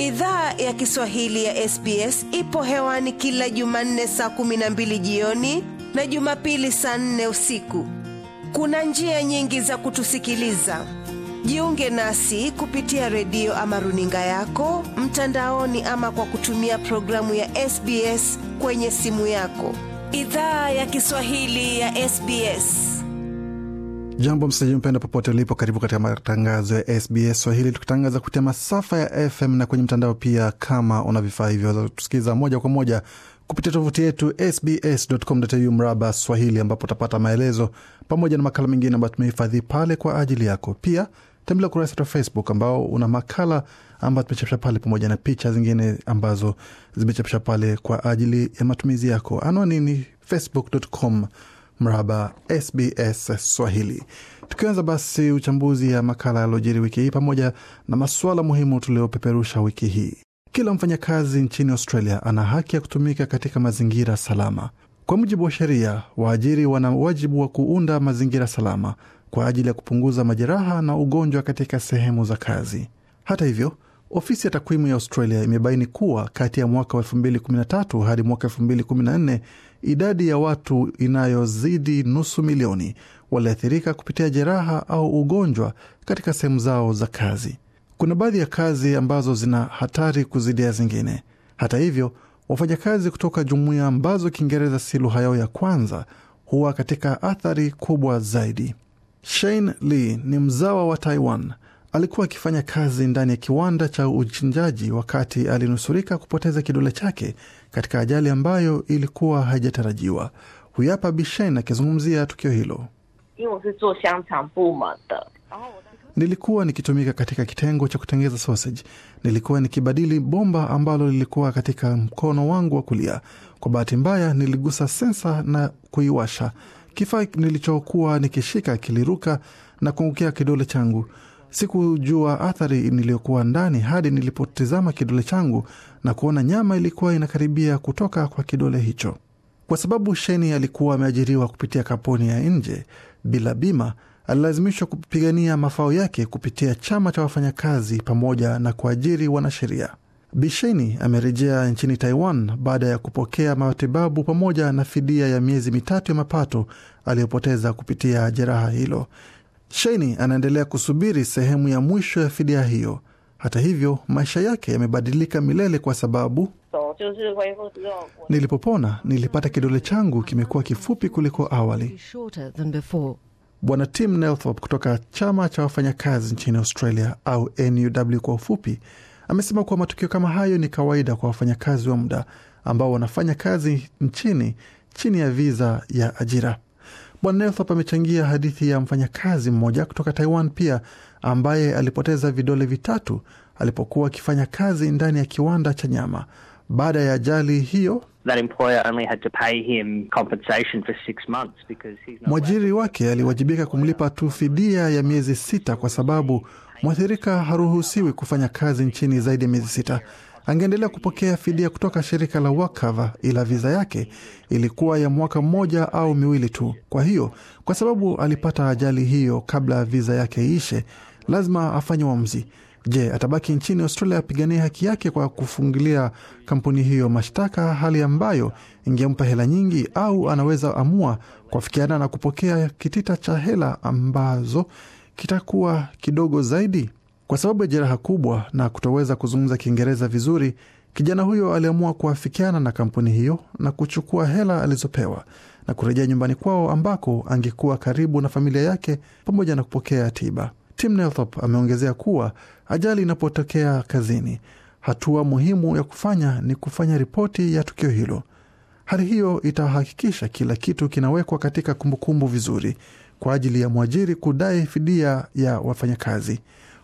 idhaa ya kiswahili ya sbs ipo hewani kila jumanne saa 12 jioni na jumapili saa 4 usiku kuna njia nyingi za kutusikiliza jiunge nasi kupitia redio ama runinga yako mtandaoni ama kwa kutumia programu ya sbs kwenye simu yako idhaa ya kiswahili ya sbs Jambo msikilizaji mpenda, popote ulipo, karibu katika matangazo ya SBS Swahili, tukitangaza kupitia masafa ya FM na kwenye mtandao pia. Kama una vifaa hivyo, waweza kutusikiliza moja kwa moja kupitia tovuti yetu sbs.com.au mraba Swahili, ambapo utapata maelezo pamoja na makala mengine ambayo tumehifadhi pale kwa ajili yako. Pia tembelea ukurasa wetu wa Facebook ambao una makala ambayo tumechapisha pale pamoja na picha zingine ambazo zimechapisha pale kwa ajili ya matumizi yako. Anwani ni facebook.com mraba SBS Swahili. Tukianza basi uchambuzi ya makala yaliojiri wiki hii pamoja na masuala muhimu tuliopeperusha wiki hii. Kila mfanyakazi nchini Australia ana haki ya kutumika katika mazingira salama. Kwa mujibu wa sheria, waajiri wana wajibu wa kuunda mazingira salama kwa ajili ya kupunguza majeraha na ugonjwa katika sehemu za kazi. Hata hivyo, ofisi ya takwimu ya Australia imebaini kuwa kati ya mwaka wa 2013 hadi mwaka 2014 idadi ya watu inayozidi nusu milioni waliathirika kupitia jeraha au ugonjwa katika sehemu zao za kazi. Kuna baadhi ya kazi ambazo zina hatari kuzidia zingine. Hata hivyo, wafanyakazi kutoka jumuiya ambazo Kiingereza si lugha yao ya kwanza huwa katika athari kubwa zaidi. Shane Lee ni mzawa wa Taiwan alikuwa akifanya kazi ndani ya kiwanda cha uchinjaji wakati alinusurika kupoteza kidole chake katika ajali ambayo ilikuwa haijatarajiwa. Huyu hapa Bishen akizungumzia tukio hilo. Nilikuwa nikitumika katika kitengo cha kutengeza sausage. Nilikuwa nikibadili bomba ambalo lilikuwa katika mkono wangu wa kulia. Kwa bahati mbaya, niligusa sensa na kuiwasha. Kifaa nilichokuwa nikishika kiliruka na kuangukia kidole changu. Sikujua athari niliyokuwa ndani hadi nilipotizama kidole changu na kuona nyama ilikuwa inakaribia kutoka kwa kidole hicho. Kwa sababu Sheni alikuwa ameajiriwa kupitia kampuni ya nje bila bima, alilazimishwa kupigania mafao yake kupitia chama cha wafanyakazi pamoja na kuajiri wanasheria. Bisheni amerejea nchini Taiwan baada ya kupokea matibabu pamoja na fidia ya miezi mitatu ya mapato aliyopoteza kupitia jeraha hilo. Sheini anaendelea kusubiri sehemu ya mwisho ya fidia hiyo. Hata hivyo, maisha yake yamebadilika milele kwa sababu nilipopona nilipata kidole changu kimekuwa kifupi kuliko awali. Bwana Tim nelthorp kutoka chama cha wafanyakazi nchini Australia au NUW kwa ufupi, amesema kuwa matukio kama hayo ni kawaida kwa wafanyakazi wa muda ambao wanafanya kazi nchini chini ya viza ya ajira. Bwana Nelthorpe amechangia hadithi ya mfanyakazi mmoja kutoka Taiwan pia ambaye alipoteza vidole vitatu alipokuwa akifanya kazi ndani ya kiwanda cha nyama baada ya ajali hiyo. Mwajiri wake aliwajibika kumlipa tu fidia ya miezi sita kwa sababu mwathirika haruhusiwi kufanya kazi nchini zaidi ya miezi sita angeendelea kupokea fidia kutoka shirika la Wakava, ila viza yake ilikuwa ya mwaka mmoja au miwili tu. Kwa hiyo, kwa sababu alipata ajali hiyo kabla viza yake iishe, lazima afanye uamuzi. Je, atabaki nchini Australia apiganie haki yake kwa kufungilia kampuni hiyo mashtaka, hali ambayo ingempa hela nyingi, au anaweza amua kuafikiana na kupokea kitita cha hela ambazo kitakuwa kidogo zaidi? Kwa sababu ya jeraha kubwa na kutoweza kuzungumza Kiingereza vizuri, kijana huyo aliamua kuafikiana na kampuni hiyo na kuchukua hela alizopewa na kurejea nyumbani kwao ambako angekuwa karibu na familia yake pamoja na kupokea tiba. Tim Nelthorpe ameongezea kuwa ajali inapotokea kazini, hatua muhimu ya kufanya ni kufanya ripoti ya tukio hilo. Hali hiyo itahakikisha kila kitu kinawekwa katika kumbukumbu vizuri kwa ajili ya mwajiri kudai fidia ya wafanyakazi.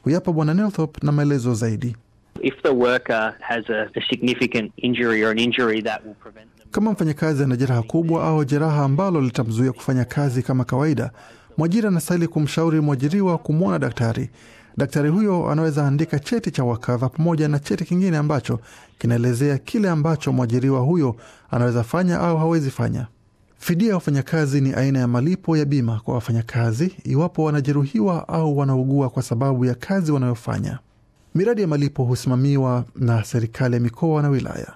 Huyapa Bwana Nelthop na maelezo zaidi. If the worker has a, a significant injury or an injury that will prevent them... Kama mfanyakazi ana jeraha kubwa au jeraha ambalo litamzuia kufanya kazi kama kawaida, mwajiri anastahili kumshauri mwajiriwa kumwona daktari. Daktari huyo anaweza andika cheti cha wakava pamoja na cheti kingine ambacho kinaelezea kile ambacho mwajiriwa huyo anaweza fanya au hawezi fanya. Fidia ya wafanyakazi ni aina ya malipo ya bima kwa wafanyakazi iwapo wanajeruhiwa au wanaugua kwa sababu ya kazi wanayofanya. Miradi ya malipo husimamiwa na serikali ya mikoa na wilaya.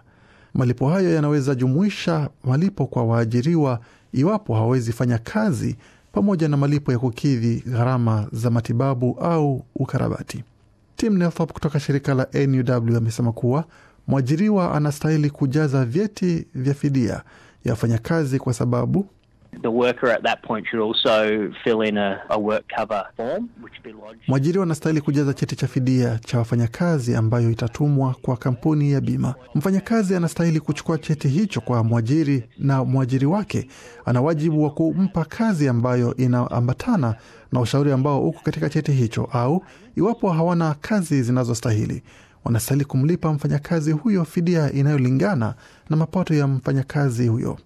Malipo hayo yanaweza jumuisha malipo kwa waajiriwa iwapo hawawezi fanya kazi, pamoja na malipo ya kukidhi gharama za matibabu au ukarabati. Tim Nelthorpe kutoka shirika la NUW amesema kuwa mwajiriwa anastahili kujaza vyeti vya fidia ya wafanyakazi kwa sababu mwajiri anastahili kujaza cheti cha fidia cha wafanyakazi ambayo itatumwa kwa kampuni ya bima. Mfanyakazi anastahili kuchukua cheti hicho kwa mwajiri, na mwajiri wake ana wajibu wa kumpa kazi ambayo inaambatana na ushauri ambao uko katika cheti hicho, au iwapo hawana kazi zinazostahili wanastahili kumlipa mfanyakazi huyo fidia inayolingana na mapato ya mfanyakazi huyo.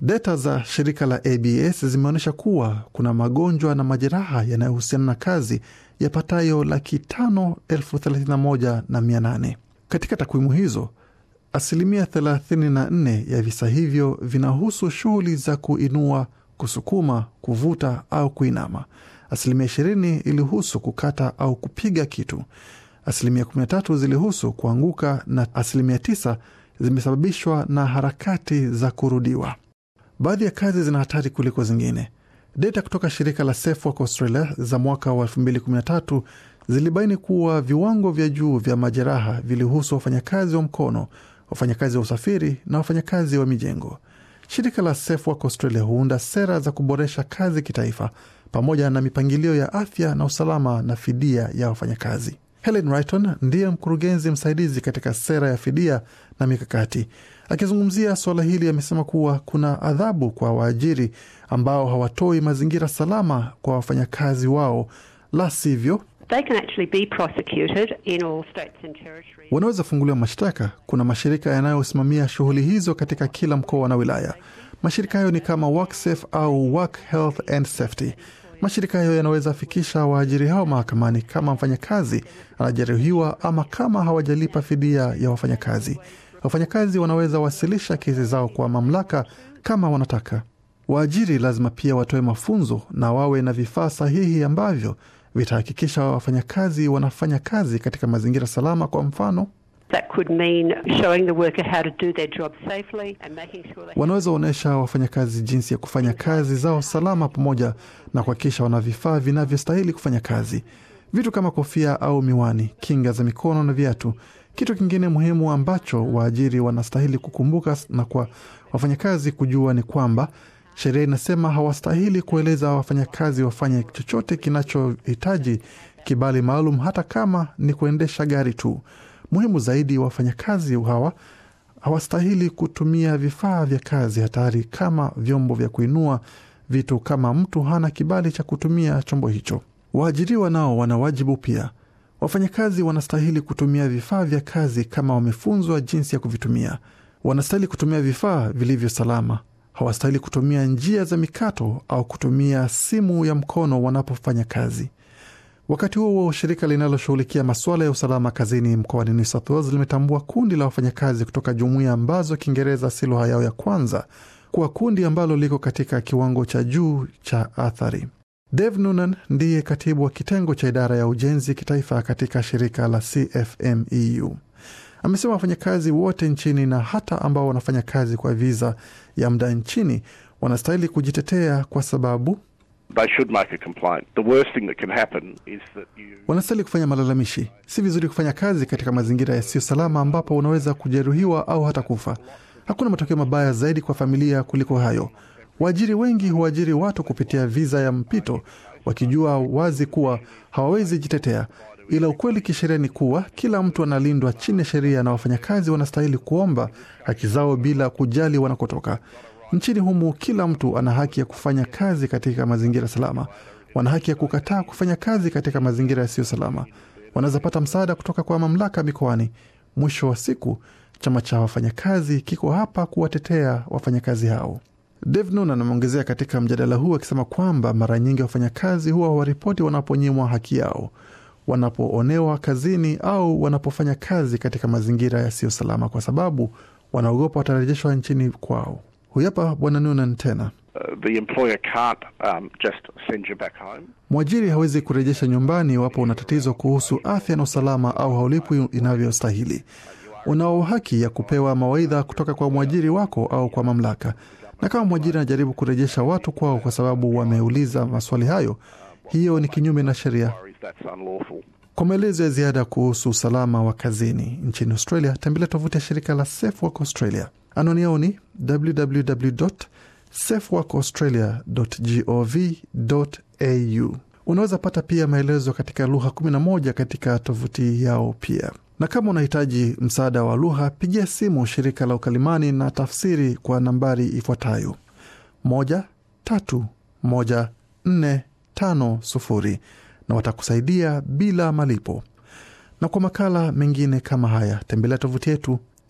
Data za shirika la ABS zimeonyesha kuwa kuna magonjwa na majeraha yanayohusiana na kazi yapatayo laki tano elfu thelathini na moja na mia nane. Katika takwimu hizo asilimia 34 ya visa hivyo vinahusu shughuli za kuinua, kusukuma, kuvuta au kuinama. Asilimia 20 ilihusu kukata au kupiga kitu asilimia 13 zilihusu kuanguka na asilimia 9 zimesababishwa na harakati za kurudiwa. Baadhi ya kazi zina hatari kuliko zingine. Data kutoka shirika la SafeWork Australia za mwaka wa 2013 zilibaini kuwa viwango vya juu vya majeraha vilihusu wafanyakazi wa mkono, wafanyakazi wa usafiri na wafanyakazi wa mijengo. Shirika la SafeWork Australia huunda sera za kuboresha kazi kitaifa pamoja na mipangilio ya afya na usalama na fidia ya wafanyakazi. Helen Righton ndiye mkurugenzi msaidizi katika sera ya fidia na mikakati. Akizungumzia suala hili, amesema kuwa kuna adhabu kwa waajiri ambao hawatoi mazingira salama kwa wafanyakazi wao, la sivyo wanaweza funguliwa mashtaka. Kuna mashirika yanayosimamia shughuli hizo katika kila mkoa na wilaya. Mashirika hayo ni kama WorkSafe au Work Health and Safety. Mashirika hayo yanaweza fikisha waajiri hao mahakamani kama mfanyakazi anajeruhiwa ama kama hawajalipa fidia ya wafanyakazi. Wafanyakazi wanaweza wasilisha kesi zao kwa mamlaka kama wanataka. Waajiri lazima pia watoe mafunzo na wawe na vifaa sahihi ambavyo vitahakikisha wafanyakazi wanafanya kazi katika mazingira salama, kwa mfano Wanaweza onyesha wafanyakazi jinsi ya kufanya kazi zao salama, pamoja na kuhakikisha wana vifaa vinavyostahili kufanya kazi, vitu kama kofia au miwani, kinga za mikono na viatu. Kitu kingine muhimu ambacho waajiri wanastahili kukumbuka na kwa wafanyakazi kujua ni kwamba sheria inasema hawastahili kueleza wafanyakazi wafanye chochote kinachohitaji kibali maalum, hata kama ni kuendesha gari tu. Muhimu zaidi, wafanyakazi hawa hawastahili kutumia vifaa vya kazi hatari kama vyombo vya kuinua vitu kama mtu hana kibali cha kutumia chombo hicho. Waajiriwa nao wana wajibu pia. Wafanyakazi wanastahili kutumia vifaa vya kazi kama wamefunzwa jinsi ya kuvitumia. Wanastahili kutumia vifaa vilivyo salama. Hawastahili kutumia njia za mikato au kutumia simu ya mkono wanapofanya kazi. Wakati huo huo, shirika linaloshughulikia masuala ya usalama kazini mkoani New South Wales limetambua kundi la wafanyakazi kutoka jumuiya ambazo Kiingereza si lugha yao ya kwanza kuwa kundi ambalo liko katika kiwango cha juu cha athari. Dave Noonan ndiye katibu wa kitengo cha idara ya ujenzi kitaifa katika shirika la CFMEU. Amesema wafanyakazi wote nchini na hata ambao wanafanya kazi kwa viza ya muda nchini wanastahili kujitetea kwa sababu Wanastahili kufanya malalamishi. Si vizuri kufanya kazi katika mazingira yasiyo salama ambapo unaweza kujeruhiwa au hata kufa. Hakuna matokeo mabaya zaidi kwa familia kuliko hayo. Waajiri wengi huajiri watu kupitia viza ya mpito, wakijua wazi kuwa hawawezi jitetea, ila ukweli kisheria ni kuwa kila mtu analindwa chini ya sheria na wafanyakazi wanastahili kuomba haki zao bila kujali wanakotoka. Nchini humu kila mtu ana haki ya kufanya kazi katika mazingira salama. Wana haki ya kukataa kufanya kazi katika mazingira yasiyo salama. Wanaweza pata msaada kutoka kwa mamlaka mikoani. Mwisho wa siku, chama cha wafanyakazi kiko hapa kuwatetea wafanyakazi hao. Dave Noonan ameongezea katika mjadala huu akisema kwamba mara nyingi wafanyakazi huwa hawaripoti wanaponyimwa haki yao, wanapoonewa kazini, au wanapofanya kazi katika mazingira yasiyo salama, kwa sababu wanaogopa watarejeshwa nchini kwao. Huyu hapa Bwana Noonan tena. Uh, um, Mwajiri hawezi kurejesha nyumbani iwapo una tatizo kuhusu afya na usalama au haulipwi inavyostahili. Unao haki ya kupewa mawaidha kutoka kwa mwajiri wako au kwa mamlaka, na kama mwajiri anajaribu kurejesha watu kwao kwa sababu wameuliza maswali hayo, hiyo ni kinyume na sheria. Kwa maelezo ya ziada kuhusu usalama wa kazini nchini Australia, tembelea tovuti ya shirika la SafeWork Australia anwani yao ni www safeworkaustralia.gov.au. Unaweza pata pia maelezo katika lugha 11 katika tovuti yao pia. Na kama unahitaji msaada wa lugha, pigia simu shirika la ukalimani na tafsiri kwa nambari ifuatayo 131450 na watakusaidia bila malipo. Na kwa makala mengine kama haya, tembelea tovuti yetu